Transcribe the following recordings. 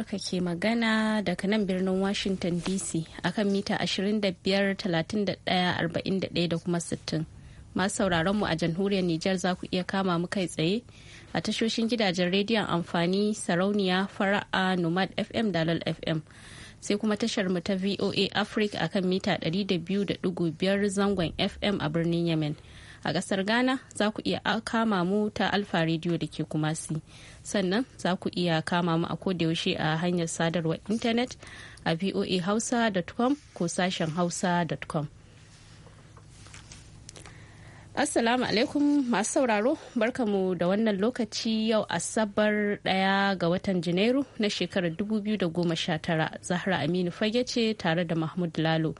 Amurka ke magana daga nan birnin Washington DC akan mita 25-31-41 da kuma 60. Masu sauraron mu a jamhuriyar Nijar za ku iya kama mu kai tsaye a tashoshin gidajen rediyon amfani sarauniya fara'a Nomad FM Dalal FM. Sai kuma tashar mu ta VOA Africa akan mita 200.5 zangon FM a birnin Yemen. a ƙasar ghana za ku iya kama mu ta alfa rediyo da ke kumasi sannan za ku iya kama mu a kodayaushe a hanyar sadarwar intanet a voahausa.com ko sashen hausa.com Assalamu alaikum masu sauraro barkamu da wannan lokaci yau asabar daya ga watan Janairu na shekarar 2019 Zahra Aminu fage ce tare da Mahmud Lalo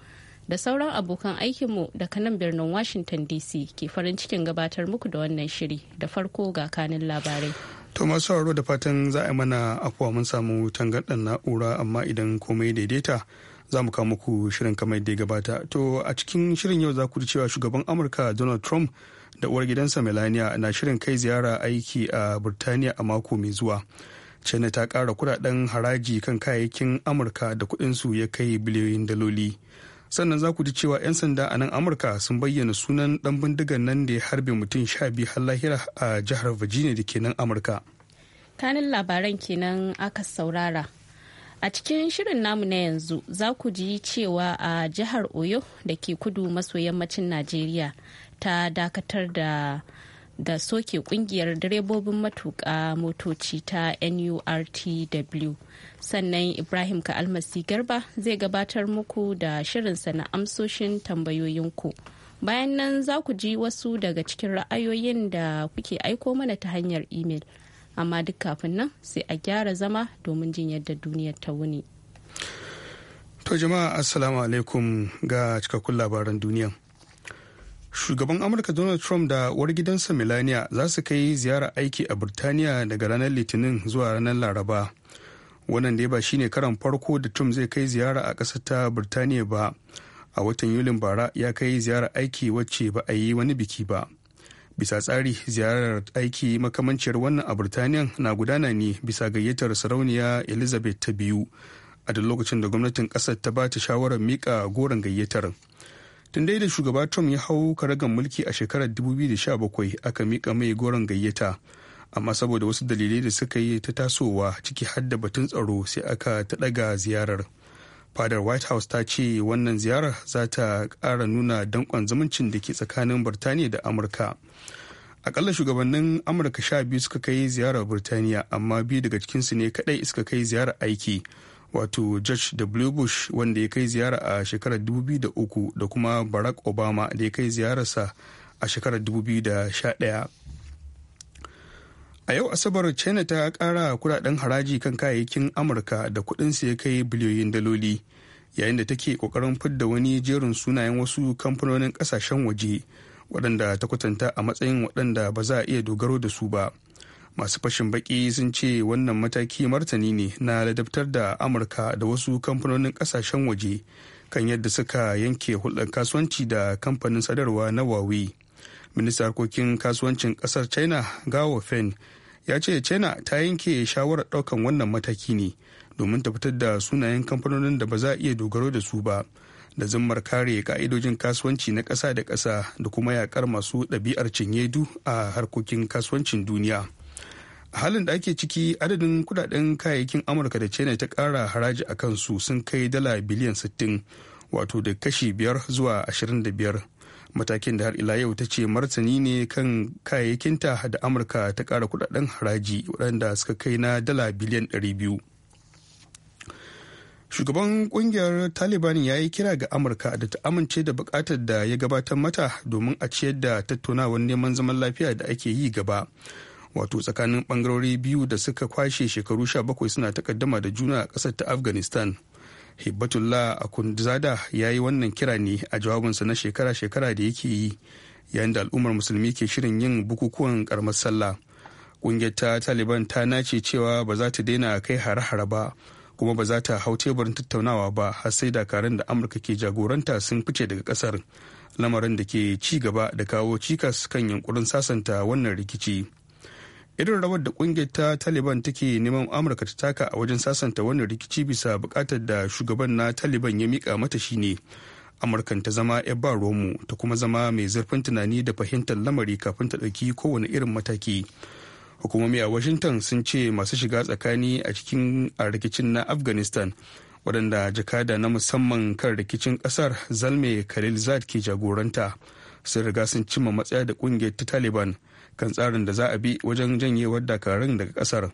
da sauran abokan aikinmu daga nan birnin Washington DC ke farin cikin gabatar muku da wannan shiri da farko ga kanin labarai. To masu sauraro da fatan za a mana afuwa mun samu tangarɗar na'ura amma idan komai daidaita za mu kawo muku shirin kamar da gabata. To a cikin shirin yau za ku ji cewa shugaban Amurka Donald Trump da uwar gidansa Melania na shirin kai ziyara aiki a birtaniya a mako mai zuwa. China ta kara kudaden haraji kan kayayyakin Amurka da kudinsu ya kai biliyoyin daloli. sannan za ku ji cewa 'yan sanda a nan amurka sun bayyana sunan dan bindigan nan da ya harbe mutum sha biyu har lahira a jihar virginia da ke nan amurka kanin labaran kenan aka saurara a cikin shirin namu na yanzu za ku ji cewa a jihar oyo da ke kudu maso yammacin najeriya ta dakatar da da soke kungiyar direbobin matuka motoci ta nurtw sannan ibrahim ka almasi garba zai gabatar muku da shirinsa na amsoshin tambayoyinku bayan nan za ku ji wasu daga cikin ra'ayoyin da kuke aiko mana ta hanyar imel amma duk kafin nan sai a gyara zama domin jin yadda duniyar ta wuni to jama'a assalamu alaikum ga cikakkun labaran duniya shugaban amurka donald trump da war gidansa melania za su kai ziyara aiki a burtaniya daga ranar litinin zuwa ranar laraba wannan dai ba shine karan farko da trump zai kai ziyara a ƙasar ta birtaniya ba a watan yulin bara ya kai ziyarar aiki wacce ba a yi wani biki ba bisa tsari ziyarar aiki makamanciyar wannan a birtaniya na gudana ne bisa gayyatar sarauniya elizabeth ta biyu a duk lokacin da gwamnatin ƙasar ta ba ta shawarar mika goron gayyatar tun dai da shugaba trump ya hau karagan mulki a shekarar 2017 aka mika mai goron gayyata amma saboda wasu dalilai da suka yi ta tasowa ciki har da batun tsaro sai aka ta daga ziyarar fadar white house ta ce wannan ziyarar za ta ƙara nuna dankon zumuncin da ke tsakanin birtaniya da amurka akalla shugabannin amurka sha biyu suka kai ziyarar birtaniya amma biyu daga cikinsu ne kaɗai suka kai ziyarar aiki wato george w bush wanda ya kai ziyara a shekarar 2003 da kuma barack obama da ya kai ziyararsa a shekarar 2011 a yau asabar china ta kara kudaden haraji kan kayayyakin amurka da kudin ya kai biliyoyin daloli yayin da take kokarin fidda wani jerin sunayen wasu kamfanonin kasashen waje waɗanda ta kwatanta a matsayin waɗanda ba za a iya dogaro da su ba masu fashin baki sun ce wannan mataki martani ne na ladabtar da amurka da wasu kamfanonin kasashen waje kan yadda suka yanke hulɗar kasuwanci da kamfanin sadarwa na huawei ministan harkokin kasuwancin kasar china gawo feng. ya ce china ta yanke shawarar ɗaukan wannan mataki ne domin ta fitar da sunayen kamfanonin da ba za a iya dogaro da su ba da zimmar kare ka'idojin kasuwanci na ƙasa da ƙasa da kuma yaƙar masu ɗabi'ar cinyedu a harkokin kasuwancin duniya a halin da ake ciki adadin kudaden kayayyakin amurka da china ta ƙara haraji a kansu sun kai dala biliyan 60 wato da kashi biyar zuwa 25 matakin da har ila yau ta ce martani ne kan kayayyakinta da amurka ta kara kudaden haraji waɗanda suka kai na dala biliyan 200 shugaban kungiyar taliban ya yi kira ga amurka da ta amince da bukatar da ya gabatar mata domin a ciyar da tattaunawar neman zaman lafiya da ake yi gaba wato tsakanin bangarori biyu da suka kwashe shekaru 17 suna takaddama da juna a ƙasar ta afghanistan hibbatullah akundzada ya yi wannan kira ne a jawabinsa na shekara-shekara da yake yi yayin da al'ummar musulmi ke shirin yin bukukuwan karamar sallah Ƙungiyar ta taliban ta nace cewa ba za ta daina kai hare-hare ba kuma ba za ta hau teburin tattaunawa ba har sai dakarun da amurka ke jagoranta sun fice daga kasar lamarin da ke ci gaba da kawo cikas kan yankurin sasanta wannan rikici irin rawar da kungiyar ta taliban take neman amurka ta taka a wajen sasanta wannan rikici bisa bukatar da shugaban na taliban ya mika mata shine amurkan ta zama ba romu ta kuma zama mai zurfin tunani da fahimtar lamari kafin ta ɗauki kowane irin mataki hukumomi a washington sun ce masu shiga tsakani a cikin a rikicin na afghanistan waɗanda jakada na musamman kan rikicin ƙasar zalme khalilzad ke jagoranta sun riga sun cimma matsaya da ƙungiyar ta taliban kan tsarin da za a bi wajen janyewar dakarun daga kasar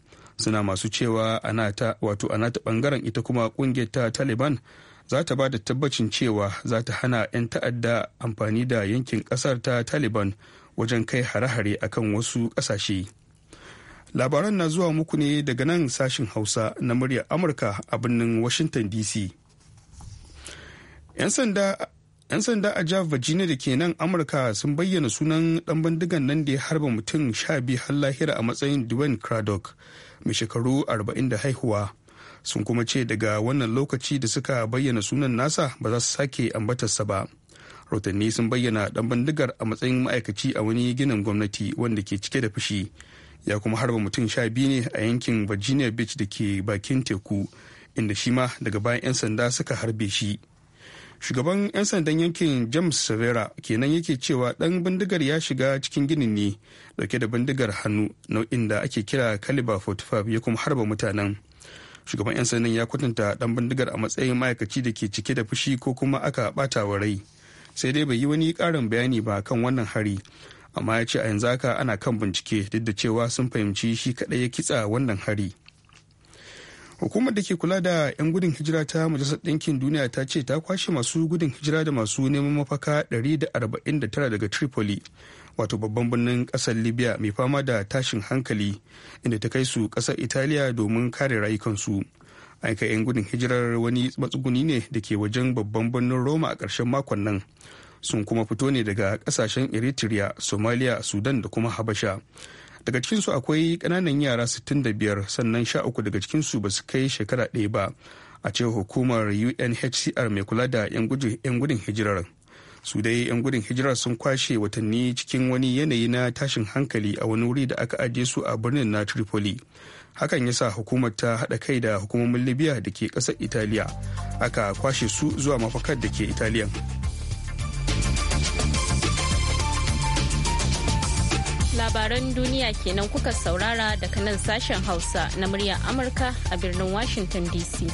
suna masu cewa anata wato ta bangaren ita kuma kungiyar ta taliban za ta ba da tabbacin cewa za ta hana 'yan ta'adda amfani da yankin kasar ta taliban wajen kai hare-hare akan wasu kasashe labaran na zuwa muku ne daga nan sashin hausa na muryar amurka a birnin washington dc 'yan sanda 'yan sanda a jihar virginia da ke nan amurka sun bayyana sunan dan bandigan nan da ya harba mutum sha biyu har lahira a matsayin dwayne craddock mai shekaru 40 da haihuwa sun kuma ce daga wannan lokaci da suka bayyana sunan nasa ba za su sake ambatarsa ba rotanni sun bayyana dan bandigar a matsayin ma'aikaci a wani ginin gwamnati wanda ke cike da fushi ya kuma harba mutum sha biyu ne a yankin virginia beach da ke bakin teku inda shi ma daga bayan 'yan sanda suka harbe shi shugaban 'yan sandan yankin james severa kenan yake cewa dan bindigar ya shiga cikin ginin ne dauke da bindigar hannu nau'in da ake kira caliber 45 ya kuma harba mutanen shugaban 'yan sandan ya kwatanta dan bindigar a matsayin ma'aikaci da ke cike da fushi ko kuma aka bata wa rai sai dai bai yi wani karin bayani ba kan wannan hari amma ya ce a yanzu haka ana kan bincike duk da cewa sun fahimci shi kadai ya kitsa wannan hari hukumar da ke kula da 'yan gudun hijira ta majalisar ɗinkin duniya ta ce ta kwashe masu gudun hijira da masu neman mafaka 149 daga tripoli wato babban birnin ƙasar libya mai fama da tashin hankali inda ta kai su ƙasar italiya domin kare rayukansu aika 'yan gudun hijirar wani matsuguni ne da ke wajen babban birnin roma a ƙarshen makon nan sun kuma fito ne daga ƙasashen eritrea somalia sudan da kuma habasha daga cikinsu akwai ƙananan yara 65 sannan 13 daga cikinsu ba su kai shekara ɗaya ba a ce hukumar unhcr mai kula da 'yan gudun hijirar su dai 'yan gudun hijirar sun kwashe watanni cikin wani yanayi na tashin hankali a wani wuri da aka ajiye su a birnin na tripoli hakan ya sa hukumar ta haɗa kai da hukumomin libya da ke ƙasar italiya aka kwashe su zuwa mafakar da ke italiya labaran duniya kenan kuka saurara daga nan sashen Hausa na muryar Amurka a birnin Washington DC.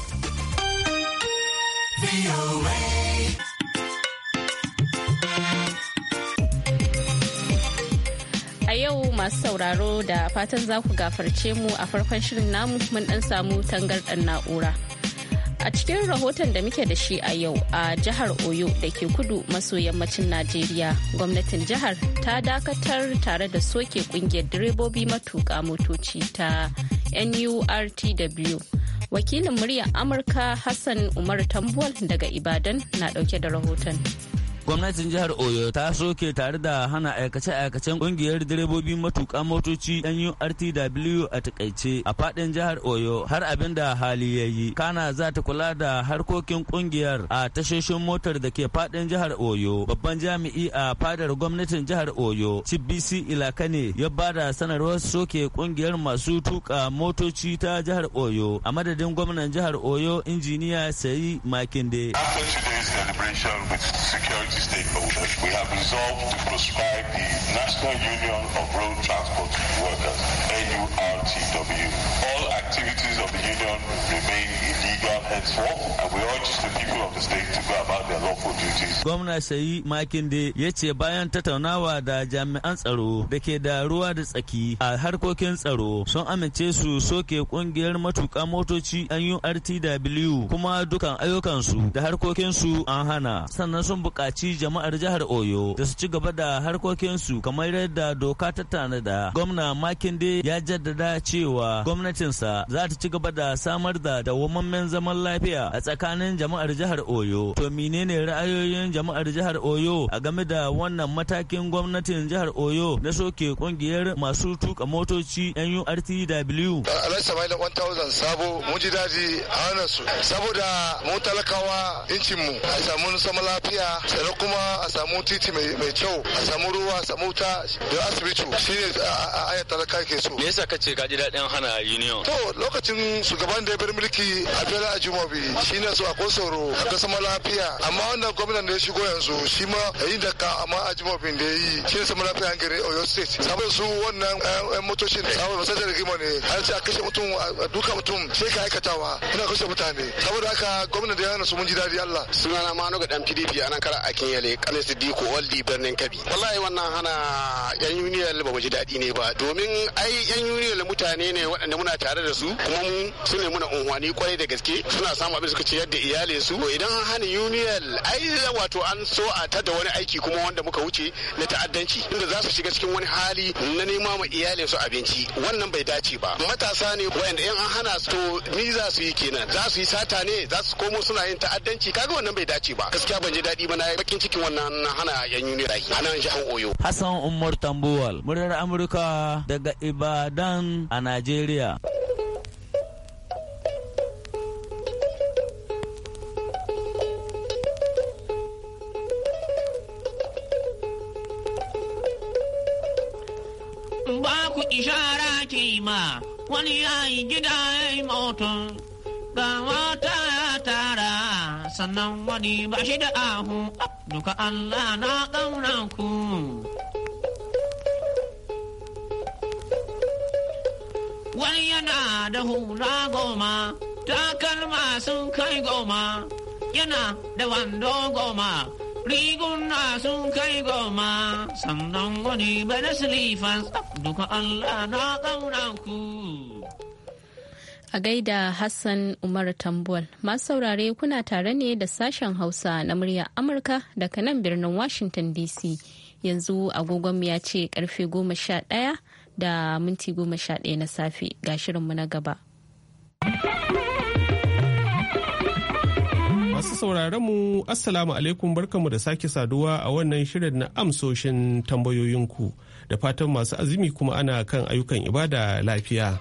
A yau masu sauraro da fatan za ku gafarce mu a farkon shirin namu mun dan samu tangarɗan na'ura. A cikin rahoton da muke da shi a yau a jihar Oyo da ke kudu maso yammacin Najeriya, gwamnatin jihar ta dakatar tare da soke kungiyar direbobi matuka motoci ta NURTW. Wakilin muryar Amurka Hassan Umar Tambuwal daga Ibadan na dauke da rahoton. gwamnatin jihar oyo ta soke tare da hana aikace-aikacen kungiyar direbobi matuka motoci nurtw a takaice a fadin jihar oyo har abin da hali ya yi kana za ta kula da harkokin kungiyar a tashoshin motar da ke fadin jihar oyo babban jami'i a fadar gwamnatin jihar oyo cbc ne. ya ba da sanarwar soke kungiyar masu tuka motoci ta jihar oyo a madadin gwamnan jihar oyo injiniya sayi makinde After today's celebration with security We have resolved to proscribe the National Union of Road Transport Workers, NURTW. All of the union remain Gwamna Sayi Makinde ya ce bayan tattaunawa da jami'an tsaro da ke da ruwa da tsaki a harkokin tsaro sun amince su soke kungiyar matuka motoci RTW kuma dukan ayyukansu da harkokinsu an hana. Sannan sun buƙaci jama'ar jihar Oyo da su ci gaba da harkokinsu kamar yadda doka ta tanada. Gwamna Makinde ya jaddada cewa gwamnatinsa za ta ci gaba da samar da dawwammamen zaman lafiya a tsakanin jama'ar jihar Oyo. To menene ra'ayoyin jama'ar jihar Oyo a game da wannan matakin gwamnatin jihar Oyo na soke kungiyar masu tuka motoci NURTW? Alhaji Sama'ila 1000 sabo mun ji daji a wannan su saboda mu talakawa incin mu a samu sama lafiya sannan kuma a samu titi mai kyau a samu ruwa a samu wuta da asibiti shine a ayat talaka ke so. Me yasa kace ka ji daɗin hana union? To lokacin domin shugaban da ya bar mulki a bela a jumobi shi ne su akwai tsoro ga sama lafiya amma wannan gwamnan da ya shigo yanzu shi ma yi da ka amma a jumobin da ya yi shi ne sama lafiya an gari oyo state saboda su wannan eh, yan motocin saboda masu da rigima ne har ce a kashe mutum a duka mutum sai ka aikatawa ina kashe mutane saboda haka gwamnan da ya hana su mun ji daɗi allah. sunana manu ga dan pdp a nan kara a kinyale kanis diko waldi birnin kabi wallahi wannan hana yan uniyar ba mu ji daɗi ne ba domin ai yan uniyar mutane ne waɗanda muna tare da su kuma sun sune ne muna unhwani kwarai da gaske suna samun abin suka ciyar da iyali su idan hana union ai wato an so a tada wani aiki kuma wanda muka wuce na ta'addanci inda za su shiga cikin wani hali na nema ma iyalin su abinci wannan bai dace ba matasa ne wanda in an hana su to ni za su yi kenan za su yi sata ne za su komo suna yin ta'addanci kaga wannan bai dace ba gaskiya ban ji daɗi ba na bakin cikin wannan hana yan rai a nan jihar Oyo Hassan Umar Tambuwal muryar Amurka daga Ibadan a Najeriya ishara ke ma wani yi gida ya yi mutum ga mata ya tara sannan wani ba shi da ahu duka Allah na ƙauna ku. Wani yana da hula goma, takalma sun kai goma, yana da wando goma. riguna sun kai goma sannan wani bane silifan duka Allah na ku. A gaida Hassan Umar Tambuwal, masu saurare kuna tare ne da sashen Hausa na muryar Amurka daga nan birnin Washington DC. Yanzu agogonmu ya ce karfe goma sha ɗaya da minti goma sha ɗaya na safe ga shirinmu na gaba. Masu sauraron mu Assalamu alaikum barkanmu da sake saduwa a wannan shirin na amsoshin tambayoyinku da fatan masu azumi kuma ana kan ayyukan ibada lafiya.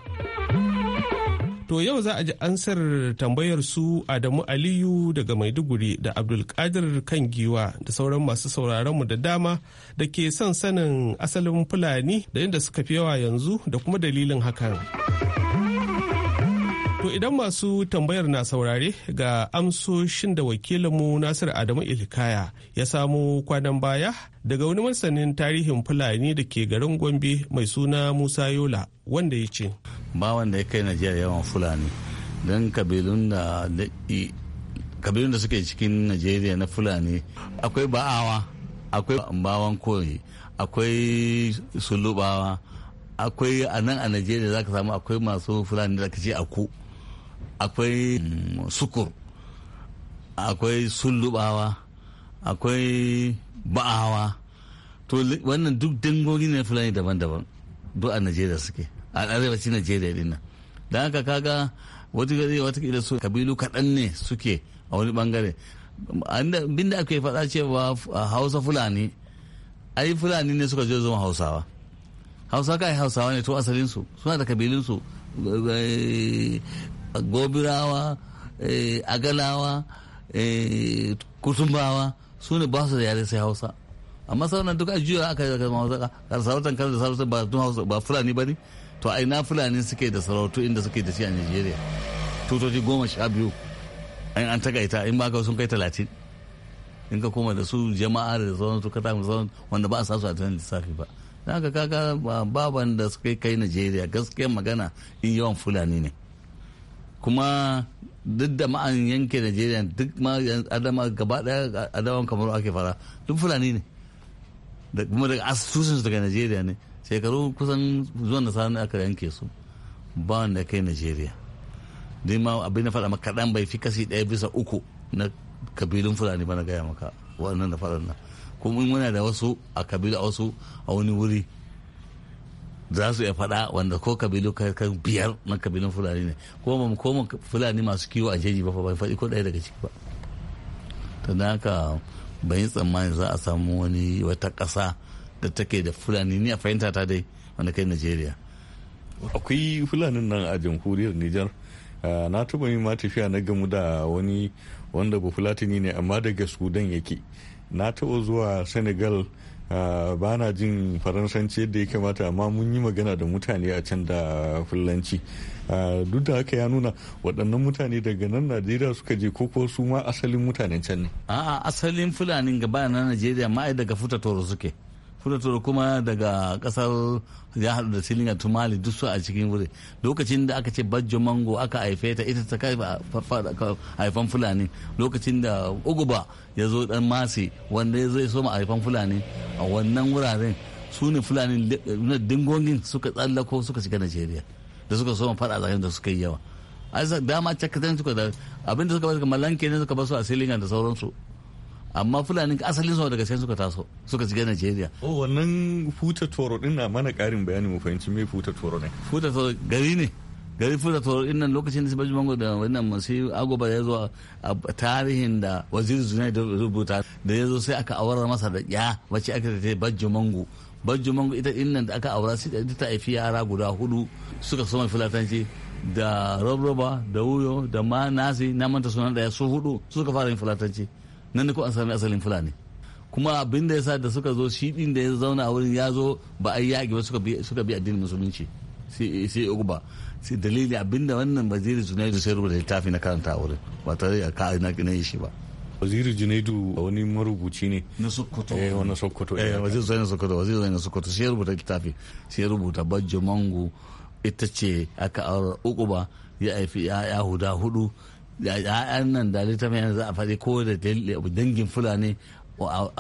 To yau za a ji ansar tambayar su Adamu Aliyu daga Maiduguri da Abdulkadir kan giwa da sauran masu mu da dama da ke son sanin asalin Fulani da yadda suka fi yawa yanzu da kuma dalilin hakan. idan masu tambayar na saurare ga amsoshin da wakilinmu Nasir Adamu Ilkaya ya samo kwanan baya daga wani masanin tarihin Fulani da ke garin Gombe mai suna Musa Yola wanda ya ce. Ba wanda ya kai Najeriya yawan Fulani don kabilun da suke cikin Najeriya na Fulani akwai ba'awa, akwai bawan kore, akwai sulubawa, akwai a nan a najeriya za ka samu akwai masu fulani da ka ce aku akwai mm, sukur akwai sullubawa akwai ba'awa to wannan duk dangogi ne fulani daban-daban duk a najeriya suke a arewacin najeriya din don haka kaga watakila su kabilu kaɗan ne suke a wani bangare binda ake faɗa cewa hausa fulani ai fulani ne suka zo zama hausawa hausa kai hausawa ne to asalinsu suna da kabilinsu gobirawa eh, agalawa eh, kutumbawa su ne ba su da yare sai hausa amma sauran duk a juya aka yi zama hausa ka sarautan kan da sarautan ba tun hausa ba fulani ba ne to a ina fulani suke da sarautu inda suke da shi a nigeria tutoci goma sha biyu an tagaita in ba ka sun kai talatin in ka koma da su jama'a da sauran su kata mu zaune wanda ba a su a tunan lissafi ba don haka kaga baban da suka kai nigeria gaskiyar magana in yawan fulani ne kuma duk da ma'an yanke najeriya duk ma adama gaba daya adaman kamar ake fara duk fulani ne da kuma daga asusun daga najeriya ne shekaru kusan zuwan da sani aka yanke su ba wanda kai najeriya dai ma abin da faɗa maka kaɗan bai fi kasi daya bisa uku na kabilun fulani ba na gaya maka waɗannan da faɗan nan kuma muna da wasu a kabila wasu a wani wuri za su iya faɗa wanda ko kabilu kan biyar na kabilun fulani ne ko mu koma fulani masu kiwo a jeji ba ba faɗi ko ɗaya daga ciki ba to da haka ban yi tsammani za a samu wani wata ƙasa da take da fulani ni a fahimta ta dai wanda kai najeriya akwai fulanin nan a jamhuriyar nijar na taba yi ma tafiya na gamu da wani wanda ba fulatini ne amma daga sudan yake na taba zuwa senegal ba na jin faransanci yadda ya kamata amma mun yi magana da mutane a can da fulanci duk da haka ya nuna waɗannan mutane daga nan najeriya suka je ko koko su ma asalin mutanen can ne a'a asalin fulanin gaba na najeriya maa daga futa toro suke furtoro kuma daga kasar ya haɗu da silinga tumali duk su a cikin wuri lokacin da aka ce bajjo mango aka haife ta ita ta kai haifan fulani lokacin da uguba ya zo dan masi wanda ya zai soma haifan fulani a wannan wuraren su ne fulani na dingongin suka tsallako suka shiga najeriya da suka soma faɗa tsakanin da suka yi yawa dama cakatan suka da abinda suka ba su malanke ne suka ba su a silinga da sauransu amma fulani asalin su daga sai suka taso suka shiga Najeriya. O wannan futa toro din na mana karin bayani mu fahimci me futa toro ne. Futa toro gari ne. Gari futa toro din nan lokacin da su baji mango da wannan masu agoba ya zo a tarihin da waziri Zunai da rubuta da ya zo sai aka awar masa da ya wace aka tafi baji mango. Baji mango ita din nan da aka aura sai ta haifi yara guda hudu suka soma fulatanci da rob da wuyo da ma nasi na manta suna daya su hudu suka fara yin fulatanci. nan da ku an sami asalin fulani kuma abin da yasa da suka zo shi din da ya zauna a wurin ya zo ba a yi yaƙi ba suka bi addinin musulunci sai ugba sai dalili abin da wannan baziri junaidu sai rubuta littafi na karanta a wurin ba tare da ka na yi shi ba waziri junaidu wani marubuci ne na sokoto eh wani sokoto eh, eh. waziri zai na sokoto waziri zai na sokoto sai rubuta littafi sai rubuta bajjo mangu ita ce aka aura uku ba ya haifi ya huda hudu ya'yan nan da ta mai za a faɗi ko da dangin fulani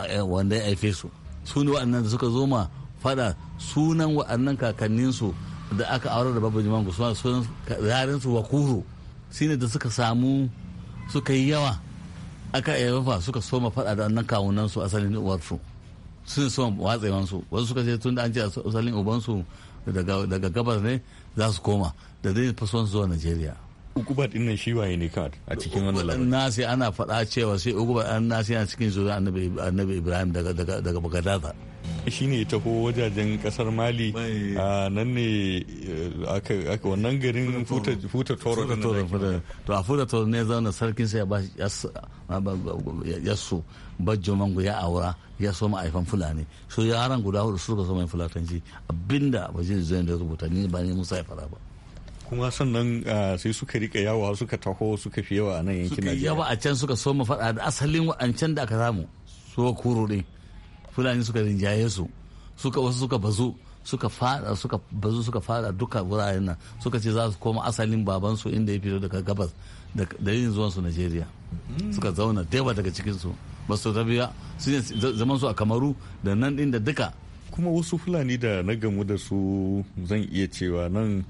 eh, wanda ya haife su su ne waɗannan da suka zo ma faɗa sunan waɗannan kakanninsu da aka aurar da babu jimangu sunan yarinsu wakuru ne da suka samu suka yi yawa aka yawa suka soma faɗa da wannan kawunansu asalin uwarsu sun so watsewansu wasu suka ce tun da an ce asalin ubansu daga gabas ne za su koma da zai fasuwan zuwa najeriya ukuba din nan shi waye ne kawai a cikin wannan labarin nasi ana faɗa cewa sai ukuba an nasi yana cikin zuwa annabi annabi ibrahim daga daga daga bagadaza shi ne taho wajajen kasar mali a nan ne eh, aka wannan garin futa toro to a futa toro ne zauna sarkin sai ya so bajjo mango ya aura ya so ma'aifan fulani so yaran guda hudu suka so mai fulatanci abinda bajin zai da rubuta ni ba ne musa ya fara ba kuma sannan ah, sai suka rika yawa suka taho suka fi yawa a nan yankin Najeriya. Suka yawa a can suka soma faɗa da asalin wa'ancan da aka samu su kuro ɗin Fulani suka rinjaye su suka wasu suka bazu suka fada suka bazu suka fada duka wuraren nan suka ce za su koma asalin babansu inda ya fito daga gabas da zuwan zuwansu Najeriya. Hmm. Suka zauna daya daga cikin su rabiya su zaman su a Kamaru da nan ɗin da duka kuma wasu fulani da na gamu da su zan iya cewa nan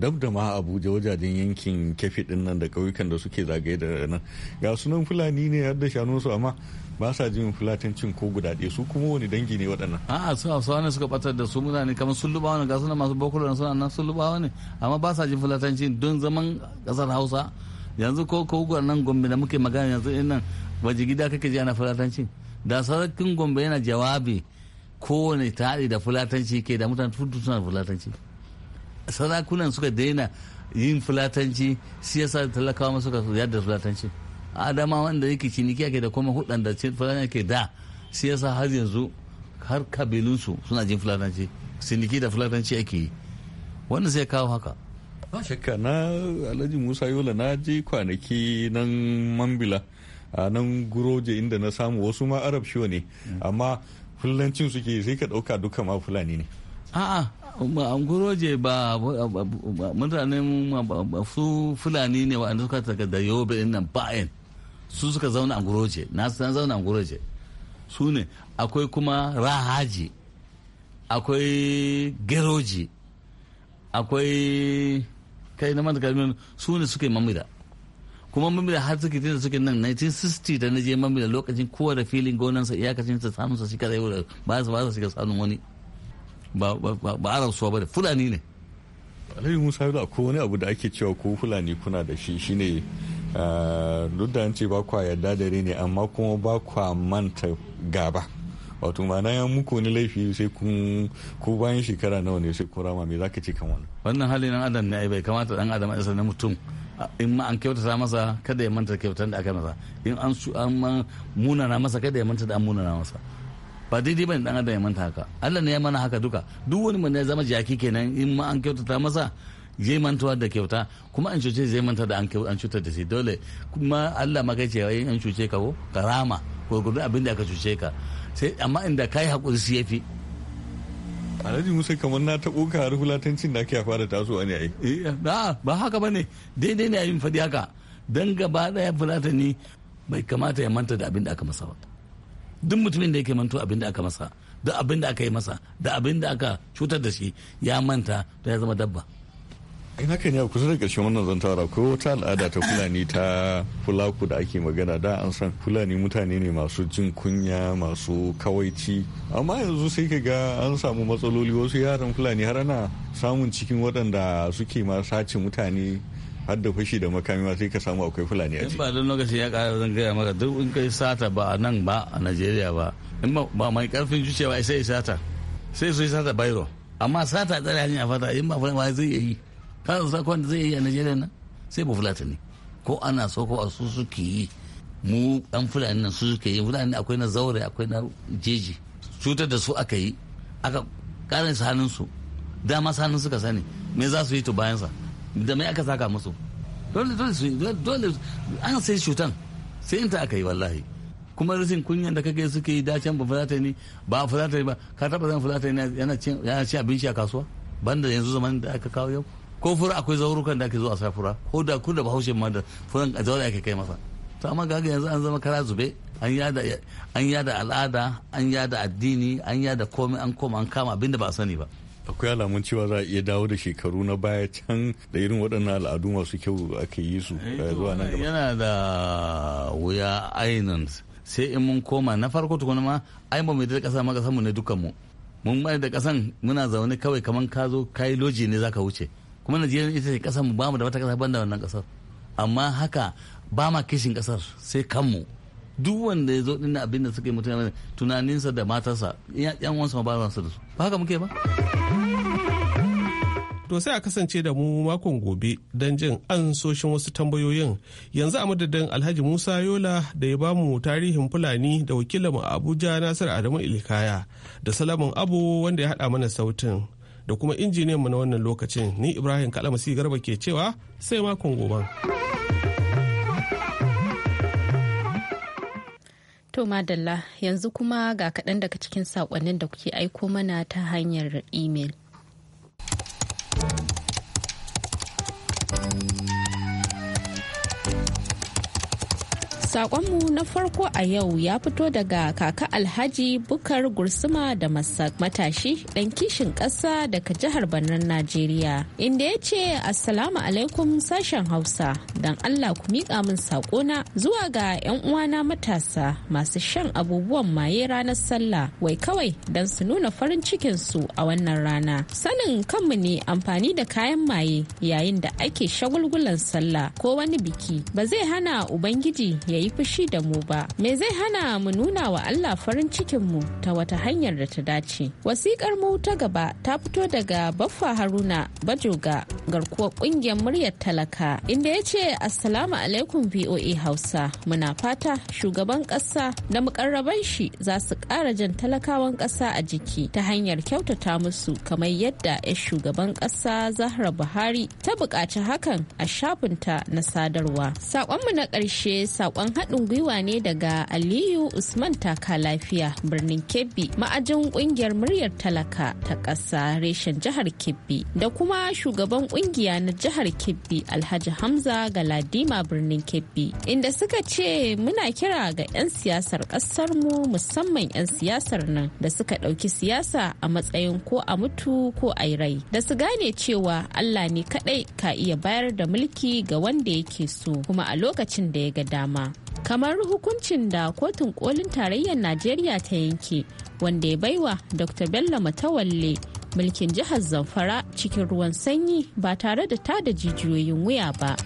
dab da ma abuja wajajen yankin kefi din nan da ƙauyukan da suke zagaye da nan ga sunan fulani ne har da su amma ba sa jin fulatancin ko guda ɗaya su kuma wani dangi ne waɗannan a'a su hausawa ne suka batar da su mutane kamar sun lubawa ne ga suna masu bokula suna nan sun lubawa ne amma ba sa jin fulatancin don zaman ƙasar hausa yanzu ko ko nan gombe da muke magana yanzu in nan waje gida kake ji ana fulatancin da sarakin gombe yana jawabi kowane tare da fulatanci ke da mutane suna da fulatanci sarakunan suka daina yin fulatanci siyasa da talakawa suka yadda fulatanci adama wanda yake ciniki ake da kuma hudan da fulatanci ke da siyasa har yanzu har kabilunsu suna jin fulatanci ciniki da fulatanci ake yi wannan zai kawo haka ba shakka na alhaji musa yola na je kwanaki nan mambila a nan guroje inda na samu wasu ma arab shiwa ne amma fullancin suke sai ka ɗauka duka ma fulani ne a'a anguroje ba mutanen su fulani ne wa suka daga da yobe nan bayan su suka zauna anguroje na san zauna anguroje su ne akwai kuma rahaji akwai geroji akwai kai na mata su ne suke mamida kuma mamila har suke da suke nan 1960 da na je mamila lokacin kowa da filin sa iyakacin ta samun sa shi kada yau ba su ba su shiga samun wani ba a rasuwa ba da fulani ne alhaji musa da ko wani abu da ake cewa ko fulani kuna da shi shine ah, duk da an ce ba kwa yarda da ne amma kuma ba kwa manta gaba wato na ya muku wani laifi sai kun ko bayan shekara nawa ne sai kun rama me zaka ce kan wannan wannan halin adam ne ai bai kamata dan adam a na mutum in ma an kyautata masa kada ya manta kyautar da aka masa in an su an munana masa kada ya manta da an munana masa ba daidai bane dan adam ya manta haka Allah ne ya mana haka duka duk wani mun ya zama jaki kenan in ma an kyautata masa zai mantuwa da kyauta kuma an cuce zai manta da an cutar da shi dole kuma Allah ma kai ce in an cuce ka ko karama ko gudu abin da aka cuce ka sai amma inda kai hakuri su yafi alhaji musa kamar na taɓo ka har hulatancin da ake fara taso ne ai eh, ba haka ba ne daidai ne a yin faɗi haka dan gaba ɗaya fulatani bai kamata ya manta da abin da aka masa ba duk mutumin da yake manto abin da aka masa da abin da aka yi masa da abin da aka cutar da shi ya manta to ya zama dabba in haka ne a kusa da ƙarshen wannan zantara ko wata al'ada ta fulani ta fulaku da ake magana da an san fulani mutane ne masu jin kunya masu kawaici amma yanzu sai ka ga an samu matsaloli wasu yaran fulani har ana samun cikin waɗanda suke ma sace mutane har da fashi da makami ma sai ka samu akwai fulani a ciki. in ba don lokaci ya ƙara zan gaya maka duk in kai sata ba a nan ba a najeriya ba in ba mai ƙarfin zuciya ba sai sata sai su yi sata bairo amma sata ne hanyar fata in ba fulani ba zai yi ka sakon da zai yi a najeriya nan sai ba fulatani ko ana so ko a su suke yi mu dan fulani nan su suke yi fulani akwai na zaure akwai na jeji cutar da su aka yi aka karin su hannun su dama su hannun suka sani me za su yi to bayansa da mai aka saka musu dole dole su dole an sai cutan sai in ta aka yi wallahi kuma rasin kunyan da kake suke yi dacen ba fulata ne ba fulata ba ka taba zan fulata yana cin abinci a kasuwa banda yanzu zaman da aka kawo yau ko fura akwai zaurukan da ake zo a sa fura ko da kun da bahaushe ma da furan a zaura ake kai masa to amma ga yanzu an zama kara zube an yada an al'ada an yada addini an yada komai an koma an kama abinda ba sani ba akwai alamun cewa za a iya dawo da shekaru na baya can da irin waɗannan al'adu masu kyau aka yi su eh, eh, zuwa nan yana da wuya ainihin sai in mun koma na farko tukuna ma ai ba mai da ƙasa ma ƙasar mu ne dukkan mu mun mai da kasan muna zaune kawai kamar ka zo kai loji ne zaka wuce kuma najeriya ita ce kasar mu bamu da wata kasa banda wannan kasar amma haka ba ma kishin kasar sai kanmu duk wanda ya zo din abin da suka yi mutum tunaninsa da matarsa yan wansu ma ba su da su ba haka muke ba to sai a kasance da mu makon gobe don jin an soshin wasu tambayoyin yanzu a madadin alhaji musa yola da ya bamu tarihin fulani da wakilinmu abuja nasir adamu ilkaya da salamin abu wanda ya hada mana sautin da kuma mu na wannan lokacin ni ibrahim kalamasi garba ke cewa sai makon gobe To Madalla yanzu kuma ga kaɗan daga cikin saƙonnin da kuke aiko mana ta hanyar imel. Sakonmu na farko a yau ya fito daga kaka Alhaji Bukar Gursuma da Masak matashi ɗan kishin ƙasa daga jihar Bannan Najeriya. Inda ya ce Assalamu alaikum sashen Hausa don Allah ku miƙa min sakona zuwa ga 'yan uwana matasa masu shan abubuwan maye ranar sallah wai kawai don su nuna farin cikin su a wannan rana. Sanin kanmu ne amfani da kayan maye yayin da ake shagulgulan sallah ko wani biki ba zai hana Ubangiji ya yi fushi da mu ba me zai hana mu nuna wa Allah farin cikin mu ta wata hanyar da ta dace wasiƙar mu ta gaba ta fito daga baffa haruna bajoga garkuwa ƙungiyar muryar talaka inda ya ce assalamu alaikum voa hausa muna fata shugaban ƙasa da mukarraban shi za su kara jan talakawan ƙasa a jiki ta hanyar kyautata musu kamar yadda ya shugaban ƙasa zahra buhari ta buƙaci hakan a shafinta na sadarwa saƙonmu na ƙarshe saƙon haɗin gwiwa ne daga Aliyu Usman Taka Lafiya birnin Kebbi ma'ajin ƙungiyar muryar talaka ta ƙasa reshen jihar Kebbi da kuma shugaban ƙungiya na jihar Kebbi Alhaji Hamza Galadima birnin Kebbi inda suka ce muna kira ga 'yan siyasar ƙasar mu musamman 'yan siyasar nan da suka ɗauki siyasa a matsayin ko a mutu ko a rai da su gane cewa Allah ne kaɗai ka iya bayar da mulki ga wanda yake so kuma a lokacin da ya ga dama kamar hukuncin da kotun kolin tarayyar najeriya ta yanke wanda ya baiwa dr bello matawalle mulkin jihar zamfara cikin ruwan sanyi ba tare da tada jijiyoyin wuya ba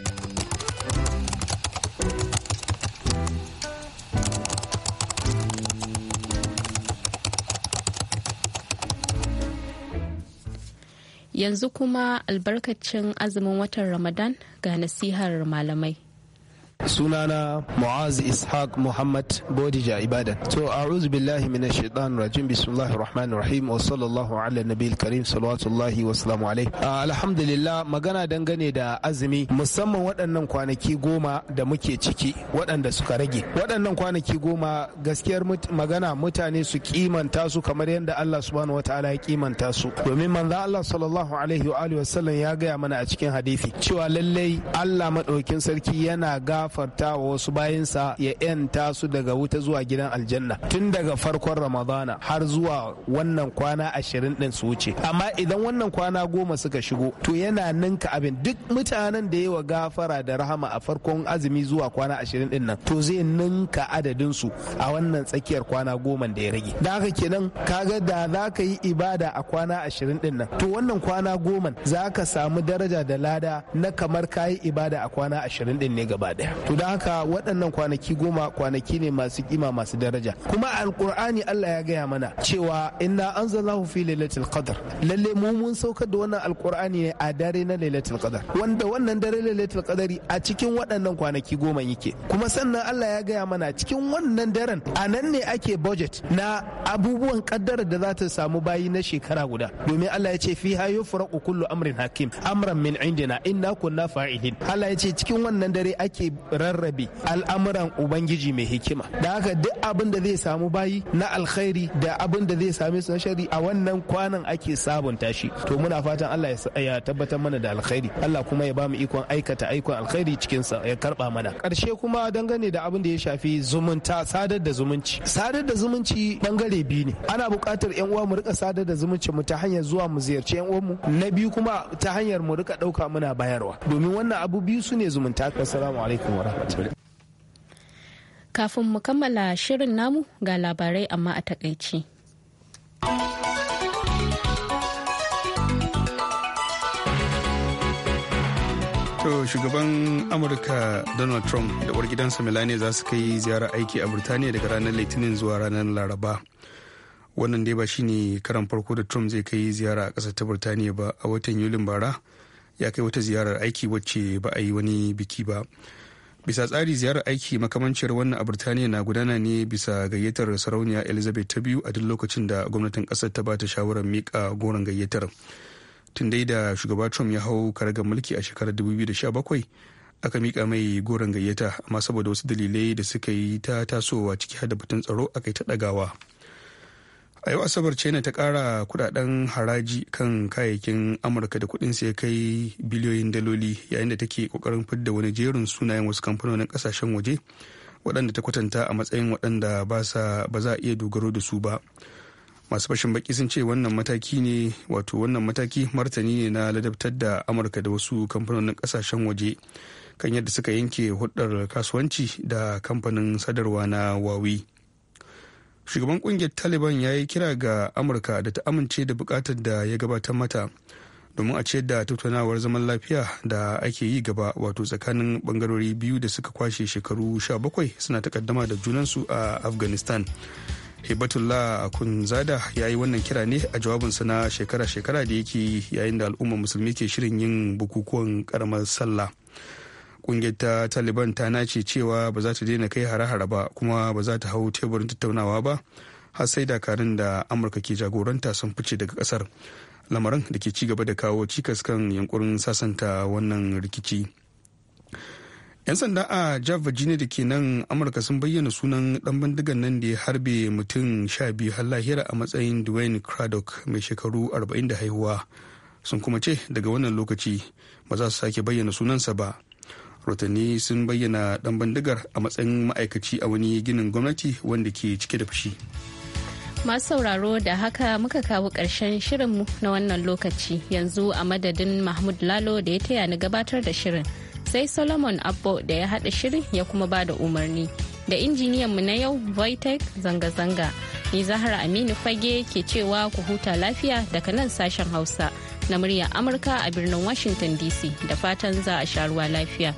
yanzu kuma albarkacin azumin watan ramadan ga nasihar malamai sunana mu'az ishaq muhammad bodija ibadan to a'udhu billahi minash shaitanir rajim bismillahir rahmanir rahim wa sallallahu ala nabiyil karim salawatullahi wa salamu alayhi alhamdulillah magana dangane da azumi musamman waɗannan kwanaki goma da muke ciki waɗanda suka rage waɗannan kwanaki goma gaskiyar magana mutane su kimanta su kamar yadda Allah subhanahu wataala ya kimanta su domin manzo Allah sallallahu alaihi wa alihi ya gaya mana a cikin hadisi cewa lallai Allah madaukin sarki yana ga gafarta wa wasu bayinsa ya yanta su daga wuta zuwa gidan aljanna tun daga farkon ramadana har zuwa wannan kwana ashirin din su wuce amma idan wannan kwana goma suka shigo to yana ninka abin duk mutanen da yawa gafara da rahama a farkon azumi zuwa kwana ashirin din nan to zai ninka adadin su a wannan tsakiyar kwana goma da ya rage da haka kenan kaga da za ka yi ibada a kwana ashirin din nan to wannan kwana goma za ka samu daraja da lada na kamar ka yi ibada a kwana ashirin din ne gaba daya to da haka waɗannan kwanaki goma kwanaki ne masu kima masu daraja kuma alkur'ani Allah ya gaya mana cewa inna anzalahu fi lailatul qadr lalle mu mun saukar da wannan alkur'ani ne a dare na lailatul qadr wanda wannan dare lailatul qadari a cikin waɗannan kwanaki goma yake kuma sannan Allah ya gaya mana cikin wannan daren a nan ne ake budget na abubuwan kaddara da za ta samu bayi na shekara guda domin Allah ya ce fi hayo furaku kullu amrin hakim amran min indina inna kunna fa'ilin Allah ya ce cikin wannan dare ake rarrabe al'amuran ubangiji mai hikima da haka duk abin da zai samu bayi na alkhairi da abin da zai same su na shari a wannan kwanan ake sabunta shi to muna fatan Allah ya tabbatar mana da alkhairi Allah kuma ya bamu ikon aikata aikon alkhairi cikin sa ya karba mana karshe kuma dangane da abin da ya shafi zumunta sadar da zumunci sadar da zumunci bangare biyu ne ana buƙatar yan uwa mu rika sadar da zumunci mu ta hanyar zuwa mu ziyarci yan mu. na biyu kuma ta hanyar mu rika dauka muna bayarwa domin wannan abu biyu su ne zumunta assalamu alaikum kafin mu kammala shirin namu ga labarai amma a takaici. To shugaban Amurka Donald Trump da uwar gidansa Melania za su kai ziyara aiki a Birtaniya daga ranar Litinin zuwa ranar Laraba. Wannan dai ba shine karan farko da Trump zai kai ziyara a ƙasar ta Birtaniya ba a watan Yulin bara ya kai wata ziyarar aiki wacce ba a yi wani biki ba. bisa tsari ziyarar aiki makamanciyar wannan a birtaniya na gudana ne bisa gayyatar sarauniya elizabeth ta biyu a duk lokacin da gwamnatin kasar ta bata shawarar mika goron gayyatar tun dai da shugaba trump ya hau karagar mulki a shekarar 2017 aka mika mai goron gayyata amma saboda wasu dalilai da suka yi ta tasowa ciki har da batun tsaro aka yi ta ɗagawa. a yau asabar china ta kara kudaden haraji kan kayayyakin amurka da kudin sai kai biliyoyin daloli yayin da take kokarin fidda wani jerin sunayen wasu kamfanonin kasashen waje waɗanda ta kwatanta a matsayin waɗanda ba sa ba za a iya dogaro da su ba masu fashin baki sun ce wannan mataki ne wato wannan mataki martani ne na ladabtar da amurka da wasu kamfanonin kasashen waje kan yadda suka yanke hudar kasuwanci da kamfanin sadarwa na wawi shugaban kungiyar taliban ya yi kira ga amurka da ta amince da bukatar da ya gabatar mata domin a ce da tattaunawar zaman lafiya da ake yi gaba wato tsakanin bangarori biyu da suka kwashe shekaru 17 suna takaddama da junansu a afghanistan hibatullah kunzada ya yi wannan kira ne a jawabinsa na shekara-shekara da yake yayin da al'ummar musulmi ke shirin yin bukukuwan karamar sallah kungiyar ta taliban ta nace cewa ba za ta daina kai hare-hare ba kuma ba za ta hau teburin tattaunawa ba har sai dakarun da amurka ke jagoranta sun fice daga kasar lamarin da ke ci gaba da kawo cikas kan yankurin sasanta wannan rikici 'yan sanda a jihar virginia da ke nan amurka sun bayyana sunan dan bindigan nan da ya harbe mutum sha biyu har lahira a matsayin dwayne craddock mai shekaru arba'in da haihuwa sun kuma ce daga wannan lokaci ba za su sake bayyana sunansa ba rotanni sun bayyana dan bandigar a matsayin ma'aikaci a wani ginin gwamnati wanda ke cike da fushi masu sauraro da haka muka kawo ƙarshen shirinmu na wannan lokaci yanzu a madadin mahmud lalo da ya taya ni gabatar da shirin sai solomon abbo da ya haɗa shirin ya kuma ba da umarni da injiniyanmu na yau vitek zanga-zanga ni zahara aminu fage ke cewa ku huta lafiya daga nan sashen hausa na muryar amurka a birnin washington dc da fatan za a sha ruwa lafiya.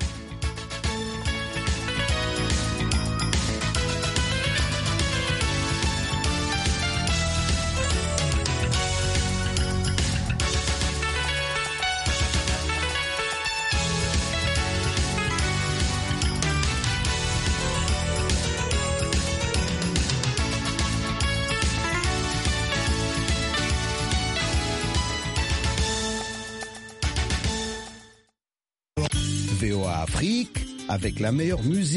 avec la meilleure musique.